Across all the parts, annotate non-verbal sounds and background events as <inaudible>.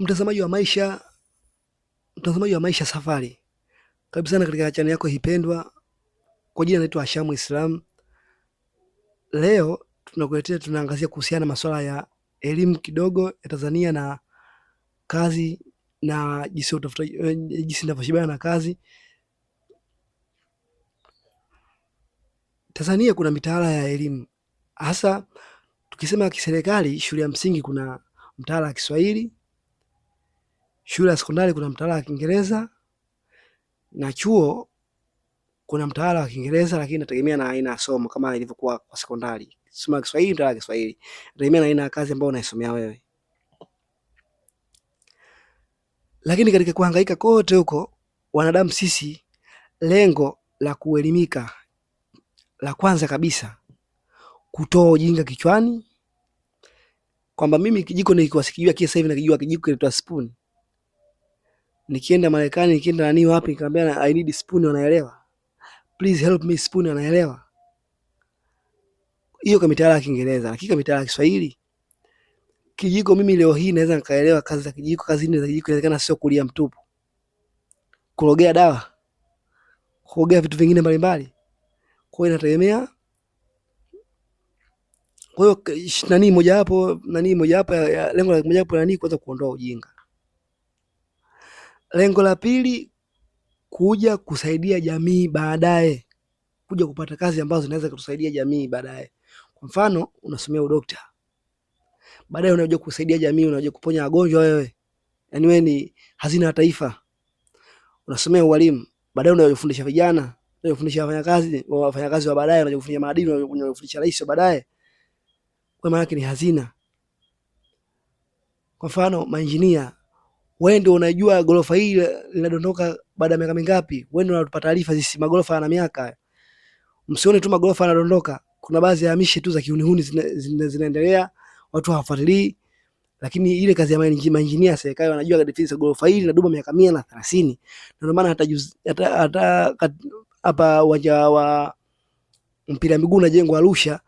Mtazamaji wa maisha, mtazamaji wa maisha safari, karibu sana katika chaneli yako hipendwa. Kwa jina naitwa Ashamu Islam. Leo tunakuletea, tunaangazia kuhusiana na masuala ya elimu kidogo ya Tanzania na kazi na jinsi utafuta, eh, jinsi ninavyoshibana na kazi. Tanzania kuna mitaala ya elimu hasa, tukisema kiserikali, shule ya msingi kuna mtaala wa Kiswahili Shule ya sekondari kuna mtaala wa Kiingereza na chuo kuna mtaala wa Kiingereza, lakini inategemea na aina ya somo. Kama ilivyokuwa kwa sekondari, Soma Kiswahili mtaala wa Kiswahili, inategemea na aina ya kazi ambayo unaisomea wewe. Lakini katika kuhangaika kote huko, wanadamu sisi, lengo la kuelimika la kwanza kabisa kutoa ujinga kichwani, kwamba mimi kijiko nikiwa sikijua kile sasa hivi na kijua kijiko kinaitwa spoon nikienda Marekani, nikienda nani wapi, nikamwambia I need spoon, wanaelewa. Please help me spoon, wanaelewa. Hiyo kama mitaala ya Kiingereza, lakini kama mitaala ya Kiswahili, kijiko mimi leo hii naweza nikaelewa kazi za kijiko, kazi nne za kijiko, inawezekana sio kulia mtupu, kurogea dawa, kurogea vitu vingine mbalimbali. Kwa hiyo inategemea kwa hiyo nani mojawapo nani mojawapo ya lengo la mojawapo nani kuweza kuondoa ujinga. Lengo la pili kuja kusaidia jamii baadaye, kuja kupata kazi ambazo zinaweza kutusaidia jamii baadaye. Kwa mfano, unasomea udokta, baadaye unakuja kusaidia jamii, unakuja kuponya wagonjwa wewe, yani wewe ni hazina ya taifa. Unasomea ualimu, baadaye kufundisha vijana, kufundisha wafanyakazi, wafanyakazi wa baadaye, kufundisha maadili, unajifundisha rais wa baadaye. Kwa maana yake ni hazina. Kwa mfano, mainjinia wewe ndio unajua gorofa hii linadondoka baada ya miaka mingapi, wewe ndio unatupa taarifa sisi. Magorofa yana miaka, msione tu magorofa yanadondoka. Kuna baadhi ya hamishi tu za kiunihuni zinaendelea, zina, zina watu hawafuatilii, lakini ile kazi ya mainjinia serikali wanajua kadri gorofa hili linadumu miaka mia na thelathini. Ndio maana hata hata hapa uwanja wa mpira miguu unajengwa Arusha,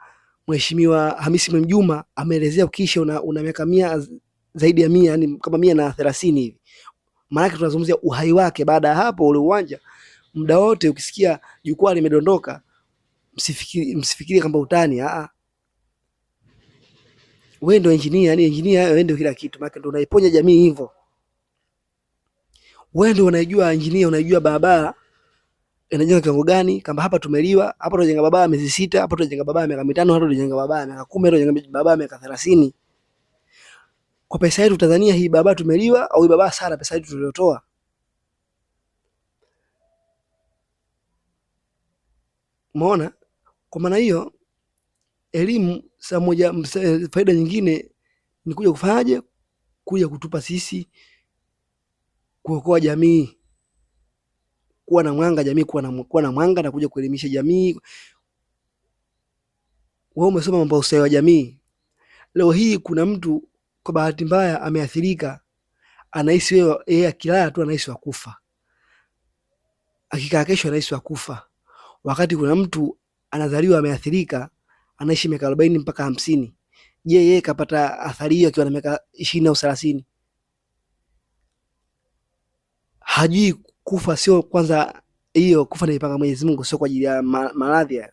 Mheshimiwa Hamisi Mwinjuma ameelezea ukisha una, una miaka mia zaidi ya mia, yani kama mia na thelathini hivi. Maanake tunazungumzia uhai wake. Baada ya hapo, ule uwanja muda wote ukisikia jukwaa limedondoka, msifikiri msifikiri kwamba utani. Ah, wewe ndio engineer, yani engineer wewe ndio kila kitu, maana ndio unaiponya jamii hivyo. Wewe ndio unaijua engineer, unaijua barabara inajenga kiwango gani, kamba hapa tumeliwa, hapa tunajenga barabara miezi sita, hapa tunajenga barabara miaka mitano, hapa tunajenga barabara miaka kumi, hapa tunajenga barabara miaka thelathini kwa pesa yetu Tanzania hii baba tumeliwa au baba sana pesa yetu tuliyotoa. Umeona? Kwa maana hiyo elimu saa moja, eh, faida nyingine ni kuja kufanyaje, kuja kutupa sisi kuokoa jamii, kuwa na mwanga jamii, kuwa na, kuwa na mwanga na kuja kuelimisha jamii. Wewe umesoma mambo ya ustawi wa jamii, leo hii kuna mtu kwa bahati mbaya ameathirika, anahisi wewe, yeye akilala tu anahisi wakufa, akikaa kesho anahisi wakufa, wakati kuna mtu anazaliwa ameathirika, anaishi miaka arobaini mpaka hamsini. Je, yeye kapata athari hiyo akiwa na miaka ishirini au thelathini? Hajui kufa sio kwanza, hiyo kufa naipanga mwenyezimungu Mwenyezi Mungu, sio kwa ajili ya maradhi hayo.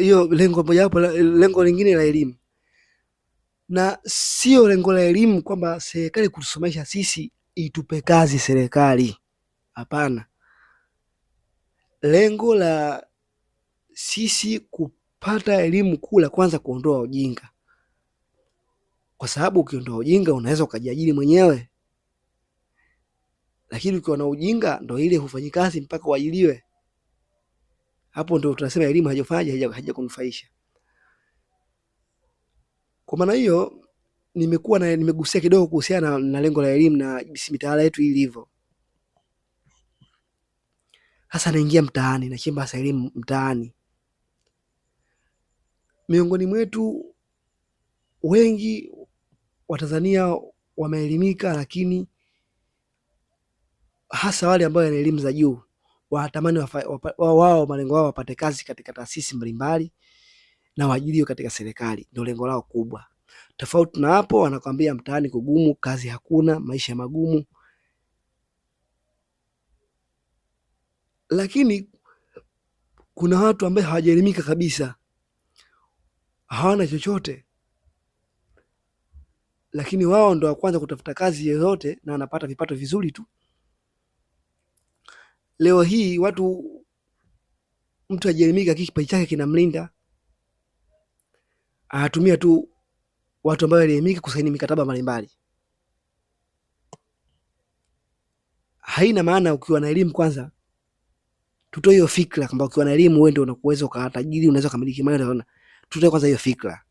hiyo lengo mojawapo, lengo lingine la elimu, na sio lengo la elimu kwamba serikali kutusomesha sisi itupe kazi serikali. Hapana, lengo la sisi kupata elimu kuu la kwanza kuondoa ujinga, kwa sababu ukiondoa ujinga unaweza ukajiajiri mwenyewe, lakini ukiwa na ujinga ndo ile hufanyi kazi mpaka uajiliwe. Hapo ndio tunasema elimu haijafanya kunufaisha Kwa maana hiyo nimekuwa na nimegusia kidogo kuhusiana na, lengo la elimu na jinsi mitaala yetu ilivyo. Hasa naingia mtaani, chimba hasa elimu mtaani. Miongoni mwetu wengi Watanzania wameelimika, lakini hasa wale ambao wana elimu za juu wanatamani wao wa, malengo wao wapate kazi katika taasisi mbalimbali na waajiriwe katika serikali, ndio lengo lao kubwa. Tofauti na hapo, wanakwambia mtaani kugumu, kazi hakuna, maisha magumu. Lakini kuna watu ambao hawajaelimika kabisa, hawana chochote, lakini wao ndo wa kwanza kutafuta kazi yoyote na wanapata vipato vizuri tu. Leo hii watu, mtu ajielimika, kiki kipaji chake kinamlinda, anatumia tu watu ambao walielimika kusaini mikataba mbalimbali. Haina maana ukiwa na elimu kwanza tutoe hiyo fikra kwamba ukiwa na elimu wewe ndio unaweza ukawa tajiri, unaweza kumiliki mali, unaona. Tutoe kwanza hiyo fikra.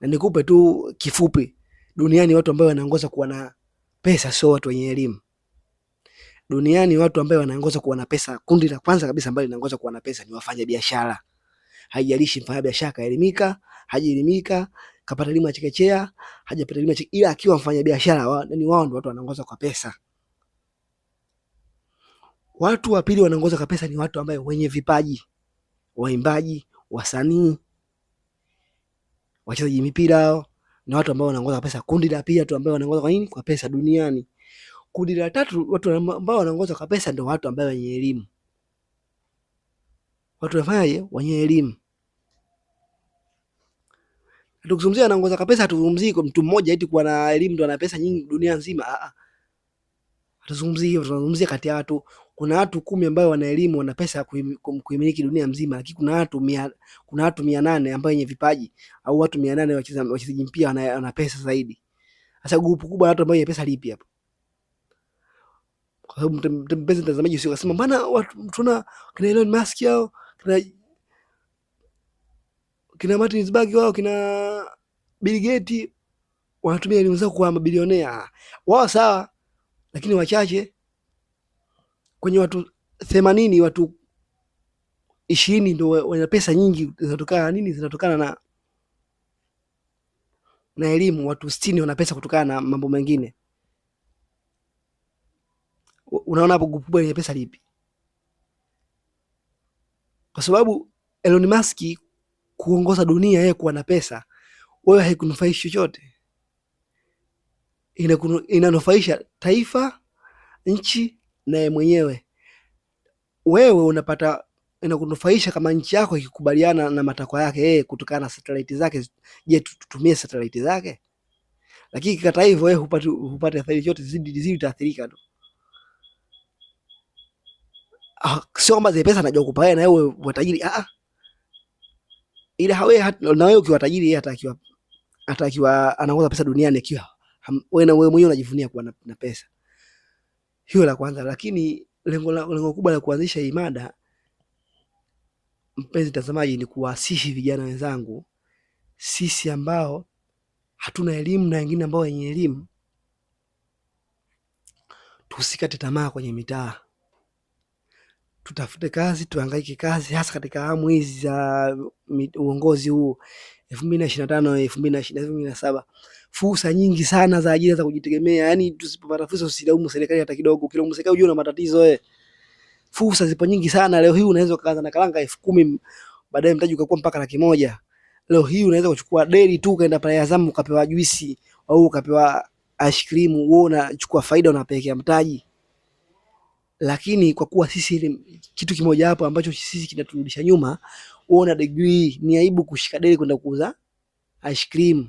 Na nikupe tu kifupi, duniani watu ambao wanaongoza kuwa na pesa sio watu wenye elimu duniani watu ambao wanaongoza kuwa na pesa, kundi la kwanza kabisa ambalo linaongoza kuwa na pesa ni wafanyabiashara. Haijalishi mfanyabiashara kaelimika, hajaelimika, kapata elimu ya chekechea, hajapata elimu, ila akiwa mfanyabiashara, ni wao ndio watu wanaongoza kwa pesa. Watu wa pili wanaongoza kwa pesa ni watu ambao wenye vipaji, waimbaji, wasanii, wachezaji mipira, na watu ambao wanaongoza kwa pesa. Kundi la pili, watu ambao wanaongoza kwa nini? Kwa pesa duniani. Kundi la tatu, watu ambao wanaongoza kabisa ndio watu ambao wenye elimu, watu wafanyaje? Wenye elimu. Tukizungumzia anaongoza kabisa, pesa, hatuzungumzii kwa mtu mmoja eti kuwa na elimu ndio ana pesa nyingi dunia nzima. Ah, hatuzungumzii hivyo. Tunazungumzia kati ya watu, kuna watu kumi ambao wana elimu, wana pesa ya kuimiliki dunia nzima, lakini kuna watu mia, kuna watu mia nane ambao wenye vipaji au watu mia nane wachezaji mpira wana pesa zaidi. Sasa grupu kubwa la watu ambao wenye pesa lipi hapo? kwa sababu mpenzi mtazamaji, usio kasema mbona watu tuna kina Elon Musk yao kina kina Martin Zuckerberg wao kina Bill Gates wanatumia elimu zao kuwa mabilionea wao, sawa, lakini wachache kwenye watu themanini, watu ishirini ndo wana pesa nyingi. Zinatokana nini? Zinatokana na na elimu. Watu sitini wana pesa kutokana na mambo mengine unaona hapo gupu kubwa lenye pesa lipi? Kwa sababu Elon Musk kuongoza dunia yeye kuwa na pesa, wewe haikunufaishi chochote, inanufaisha taifa, nchi na yeye mwenyewe. Wewe unapata inakunufaisha kama nchi yako ikikubaliana na matakwa yake yeye kutokana na satelaiti zake. Je, tutumie satelaiti zake? Lakini kikata hivyo, wewe hupate hupate athari chochote, zidi zidi utaathirika tu ah, sio kwamba zile pesa anajua kupa na wewe tajiri ah, ah. ila hawe hat, na wewe ukiwa tajiri, yeye atakiwa atakiwa anaongoza pesa duniani, akiwa wewe na wewe mwenyewe unajivunia kuwa na, na pesa hiyo, la kwanza. Lakini lengo la, lengo kubwa la kuanzisha hii mada, mpenzi mtazamaji, ni kuwasihi vijana wenzangu sisi ambao hatuna elimu na wengine ambao wenye elimu, tusikate tamaa kwenye mitaa tutafute kazi, tuhangaike kazi, hasa katika amu hizi za uongozi huu elfu mbili na ishirini na tano elfu mbili na ishirini na saba fursa nyingi sana za ajira za kujitegemea. Yani tusipopata fursa, usilaumu serikali hata kidogo. Ukilaumu serikali unajua una matatizo eh. Fursa zipo nyingi sana. Leo hii unaweza ukaanza na karanga elfu kumi baadaye mtaji ukakuwa mpaka laki moja. Leo hii unaweza kuchukua deli tu ukaenda pale Azam ukapewa juisi au ukapewa ice cream, wewe unachukua faida unapelekea mtaji lakini kwa kuwa sisi ile kitu kimoja hapo ambacho sisi kinaturudisha nyuma, uona degree ni aibu kushika deli kwenda kuuza ice cream.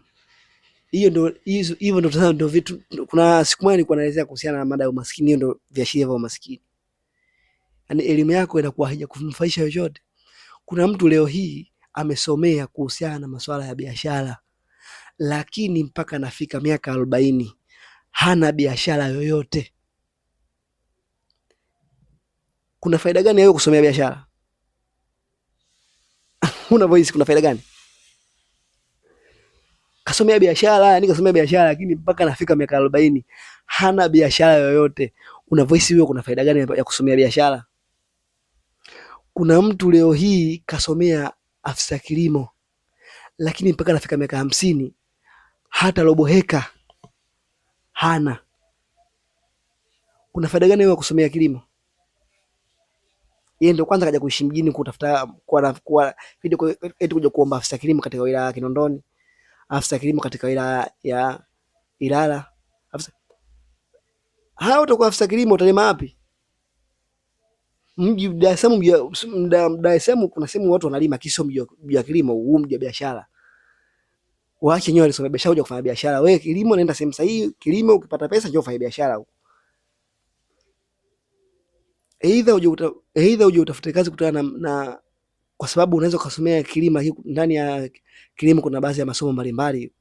Hiyo ndo hizo hivyo ndo tazama, ndio vitu. Kuna siku moja nilikuwa naelezea kuhusiana na mada ya umaskini, hiyo ndo viashiria vya umaskini, yani elimu yako inakuwa haijakunufaisha chochote. Kuna mtu leo hii amesomea kuhusiana na masuala ya biashara, lakini mpaka anafika miaka arobaini hana biashara yoyote kuna faida gani wewe kusomea biashara? <laughs> una voice, kuna faida gani? Kasomea biashara, yani kasomea biashara, lakini mpaka nafika miaka arobaini hana biashara yoyote. Una voice hiyo, kuna faida gani ya kusomea biashara? Kuna mtu leo hii kasomea afisa kilimo, lakini mpaka nafika miaka hamsini hata robo heka hana. Kuna faida gani wewe kusomea kilimo? yeye ndio kwanza kaja kuishi mjini kutafuta kwa kwa video kwa eti kuja kuomba afisa kilimo katika wilaya ya Kinondoni, afisa kilimo katika wilaya ya Ilala. Afisa hao utakuwa afisa kilimo utalima wapi? Mji wa Dar es Salaam, Dar es Salaam kuna sehemu watu wanalima kisio mji wa kilimo, huu mji wa biashara. Waache nyoa lisome biashara, uja kufanya biashara. Wewe kilimo, nenda sehemu sahihi, kilimo ukipata pesa, njoo fanya biashara huko. Aidha uje utafute kazi kutokana na, na kwa sababu unaweza ukasomea kilimo. Ndani ya kilimo kuna baadhi ya masomo mbalimbali.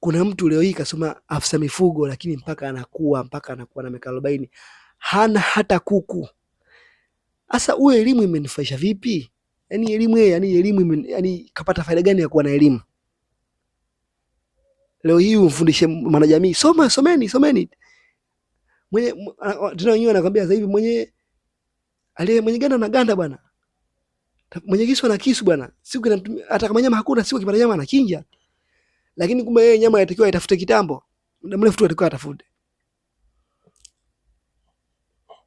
Kuna mtu leo hii kasoma afisa mifugo, lakini mpaka anakuwa mpaka anakuwa na miaka arobaini hana hata kuku. Sasa huyo elimu imenufaisha vipi? Yani elimu yeye, yani elimu yani kapata faida gani ya kuwa na elimu? Leo hii umfundishe mwanajamii, soma, someni, someni mwenye tena wenyewe anakwambia sasa hivi mwenye aliye mwenye ganda na ganda bwana, mwenye kisu na kisu bwana, siku hata kama nyama hakuna, siku kipata nyama anachinja. Lakini kumbe yeye nyama inatakiwa itafute kitambo, muda mrefu tu atakuwa atafute.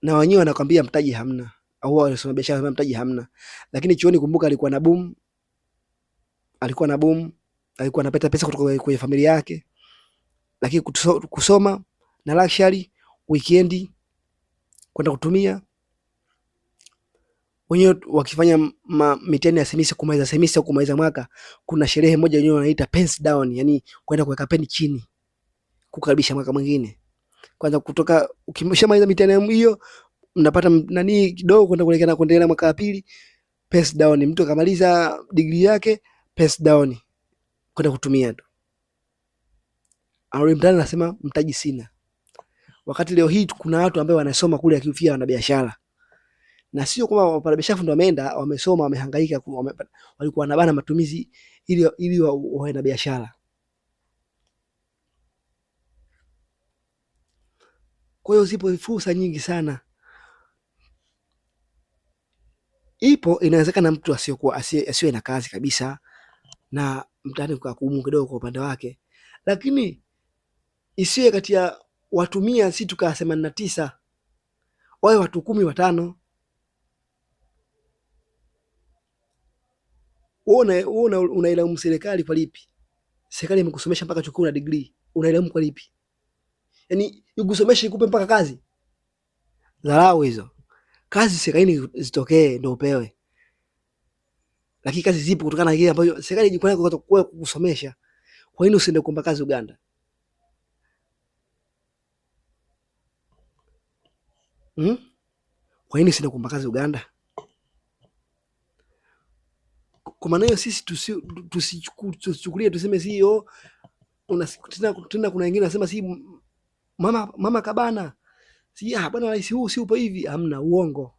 Na wenyewe wanakwambia mtaji hamna, au wao wanasema biashara mtaji hamna. Lakini chuoni, kumbuka, alikuwa na boom, alikuwa na boom, alikuwa anapata pesa kutoka kwenye familia yake, lakini kusoma na luxury weekend kwenda kutumia wenyewe wakifanya mitihani ya semisi kumaliza semisi au kumaliza mwaka, kuna sherehe moja wenyewe wanaita pens down, yani kwenda kuweka peni chini kukaribisha mwaka mwingine. Kwanza kutoka ukimshamaliza mitihani hiyo, mnapata nani kidogo kwenda kuelekea na kuendelea mwaka wa pili, pens down. Mtu akamaliza degree yake, pens down, kwenda kutumia tu. Au mtani anasema mtaji sina Wakati leo hii kuna watu ambao wanasoma kule akifia wana biashara. Na sio kama biashara ndio wameenda wamesoma wamehangaika wame, walikuwa na bana matumizi ili ili wawe na biashara. Kwa hiyo zipo fursa nyingi sana. Ipo inawezekana mtu asiyokuwa asiye na kazi kabisa na kwa kumu kidogo kwa upande wake, lakini isiwe kati ya watu mia si tukaa themanini na tisa wawe watu kumi watano. Unailaumu serikali kwa lipi? Serikali imekusomesha mpaka chukuu na degree, unailaumu kwa lipi? Yani ikusomesha ikupe mpaka kazi? Dharau hizo. Kazi serikalini zitokee ndo upewe, lakini kazi zipo kutokana na kile ambacho serikali ilijikwaa kukusomesha. Kwa nini usiende kuomba kazi Uganda? Hmm? Kwa nini sina kuomba kazi Uganda? Kwa maana hiyo sisi tusichukulie tuseme e si yo tena. Kuna wengine nasema si mama, mama Kabana si ah, bwana rais huu si upo hivi, hamna uongo.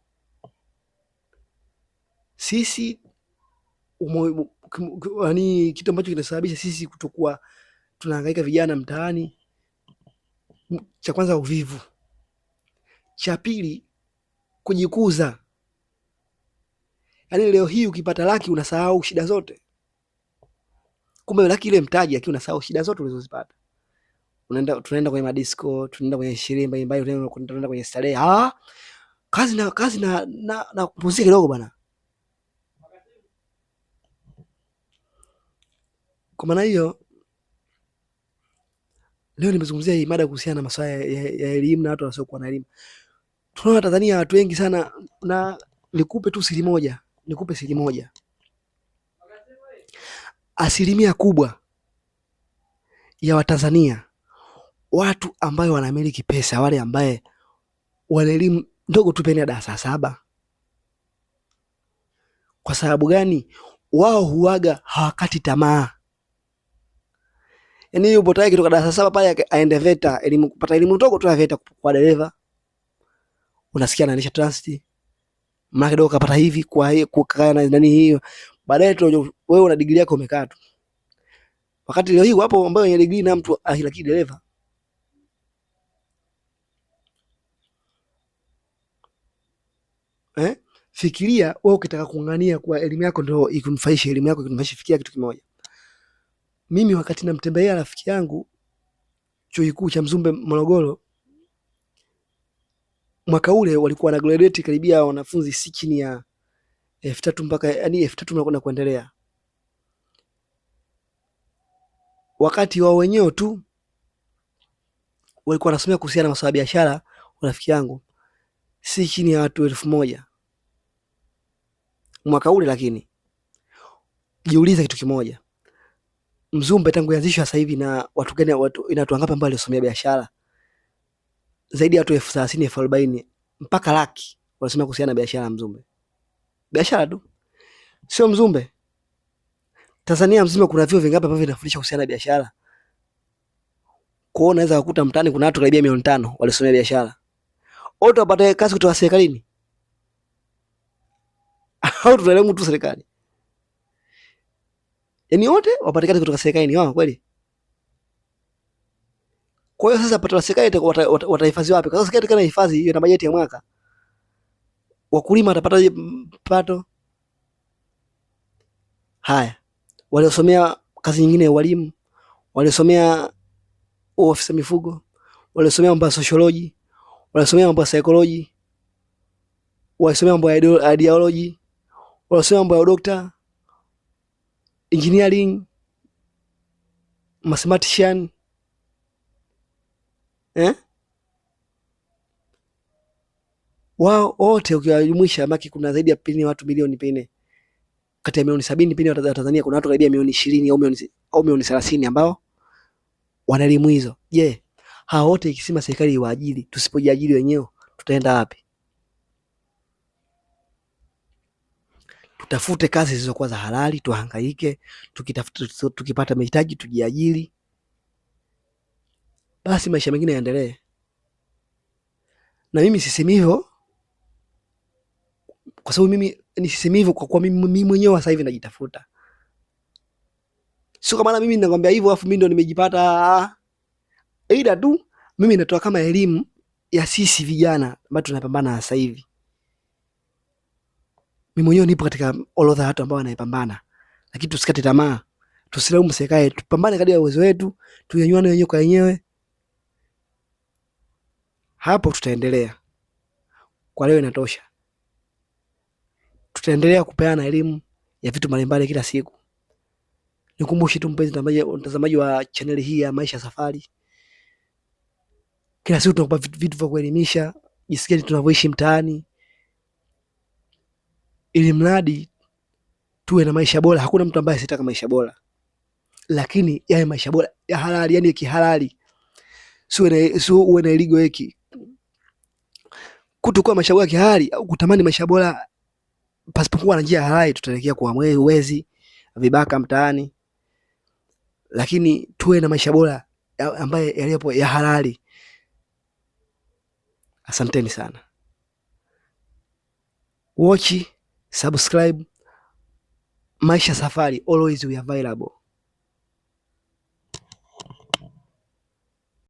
Sisi yaani kitu ambacho kinasababisha sisi kutokuwa tunahangaika vijana mtaani, cha kwanza uvivu cha pili, kujikuza. Yaani leo hii ukipata laki unasahau shida zote, kumbe laki ile mtaji, lakini unasahau shida zote ulizozipata. Unaenda, tunaenda kwenye madisco, tunaenda kwenye sherehe mbalimbali, tunaenda kwenye starehe. Ah, kazi na kazi na na, na kupumzika kidogo bwana. Kwa maana hiyo Leo nimezungumzia hii mada kuhusiana na masuala ya elimu na watu wasiokuwa na elimu. Tunaona Tanzania watu wengi sana, na nikupe tu siri moja, nikupe siri moja, asilimia kubwa ya Watanzania watu ambayo wanamiliki pesa, wale ambaye wana elimu ndogo tu penia darasa saba. Kwa sababu gani? Wao huaga hawakati tamaa yani bota yake kutoka darasa saba pale aende VETA, elimu kupata elimu ndogo tu ya VETA kwa dereva. Unasikia anaanisha transit. Maana kidogo kapata hivi kwa hiyo kukaa na nani hiyo. Baadaye tu wewe una degree yako umekaa tu. Wakati leo hii wapo ambao wenye degree na mtu akilaki ah, dereva. Eh? Fikiria wewe ukitaka kung'ania kwa elimu yako ndio ikunufaishe elimu yako ikunufaishe, fikiria kitu kimoja mimi wakati namtembelea rafiki yangu chuo kikuu cha Mzumbe Morogoro, mwaka ule walikuwa na graduate karibia wanafunzi si chini ya elfu tatu mpaka yani elfu tatu na kuendelea. Wakati wao wenyewe tu walikuwa wanasomea kuhusiana na masuala ya biashara, rafiki yangu si chini ya watu elfu moja mwaka ule. Lakini jiuliza kitu kimoja Mzumbe tangu ianzishwa sasa hivi na watu gani, watu ina watu wangapi ambao walisomea biashara? Zaidi ya watu elfu thelathini elfu arobaini mpaka laki wanasomea kuhusiana na biashara ya Mzumbe. Biashara tu, sio Mzumbe. Tanzania mzima kuna vyuo vingapi ambavyo vinafundisha kuhusiana na biashara? Kwa hiyo unaweza kukuta mtaani kuna watu karibia milioni tano walisomea biashara. Wote wapate kazi kutoka serikalini <laughs> au tunalenga tu serikali? yani wote wapatikane kutoka serikalini wao kweli. Kwa hiyo sasa pato la serikali watahifadhi wapi? Kwa sababu serikali kana hifadhi hiyo na bajeti ya mwaka, wakulima watapata pato haya, waliosomea kazi nyingine ya walimu, waliosomea ofisa mifugo, waliosomea mambo ya sociology, waliosomea mambo ya psychology, waliosomea mambo ya ideology, waliosomea mambo ya udokta engineering, mathematician eh? wao wote ukiwajumuisha, maki kuna zaidi ya pini watu milioni pine kati ya milioni sabini pini wa Tanzania kuna watu karibia milioni ishirini au milioni thelathini ambao wana elimu hizo. Je, yeah. wote ikisema serikali iwaajiri, tusipojiajiri wenyewe tutaenda wapi? tutafute kazi zilizokuwa za halali, tuhangaike, tukitafuta, tukipata mahitaji tujiajiri, basi maisha mengine yaendelee. Na mimi sisemi hivyo kwa sababu mimi nisisemi hivyo kwa kuwa mimi mwenyewe sasa hivi najitafuta, sio kwa maana mimi ninakwambia hivyo afu mimi ndo nimejipata, ah, ah. ila tu mimi natoa kama elimu ya sisi vijana ambayo tunapambana sasa hivi mimi mwenyewe nipo katika orodha watu ambao wanaipambana, lakini tusikate tamaa, tusilaumu serikali, tupambane kadri ya uwezo wetu, tunyanyuane wenyewe kwa wenyewe, hapo tutaendelea. Kwa leo inatosha, tutaendelea kupeana elimu ya vitu mbalimbali kila siku. Nikumbushe tu mpenzi mtazamaji wa chaneli hii ya Maisha Safari, kila siku tunakupa vitu vya kuelimisha, jinsi tunavyoishi mtaani ili mradi tuwe na maisha bora. Hakuna mtu ambaye asitaka maisha bora, lakini yawe maisha bora ya halali, yani ya kihalali, sio uwe na iligo eki kutokuwa maisha bora kihalali au kutamani maisha bora pasipokuwa na njia halali, tutaelekea kwa wezi, vibaka mtaani. Lakini tuwe na maisha bora ambaye yaliyopo ya halali. Asanteni sana wochi subscribe. Maisha Safari, always we available.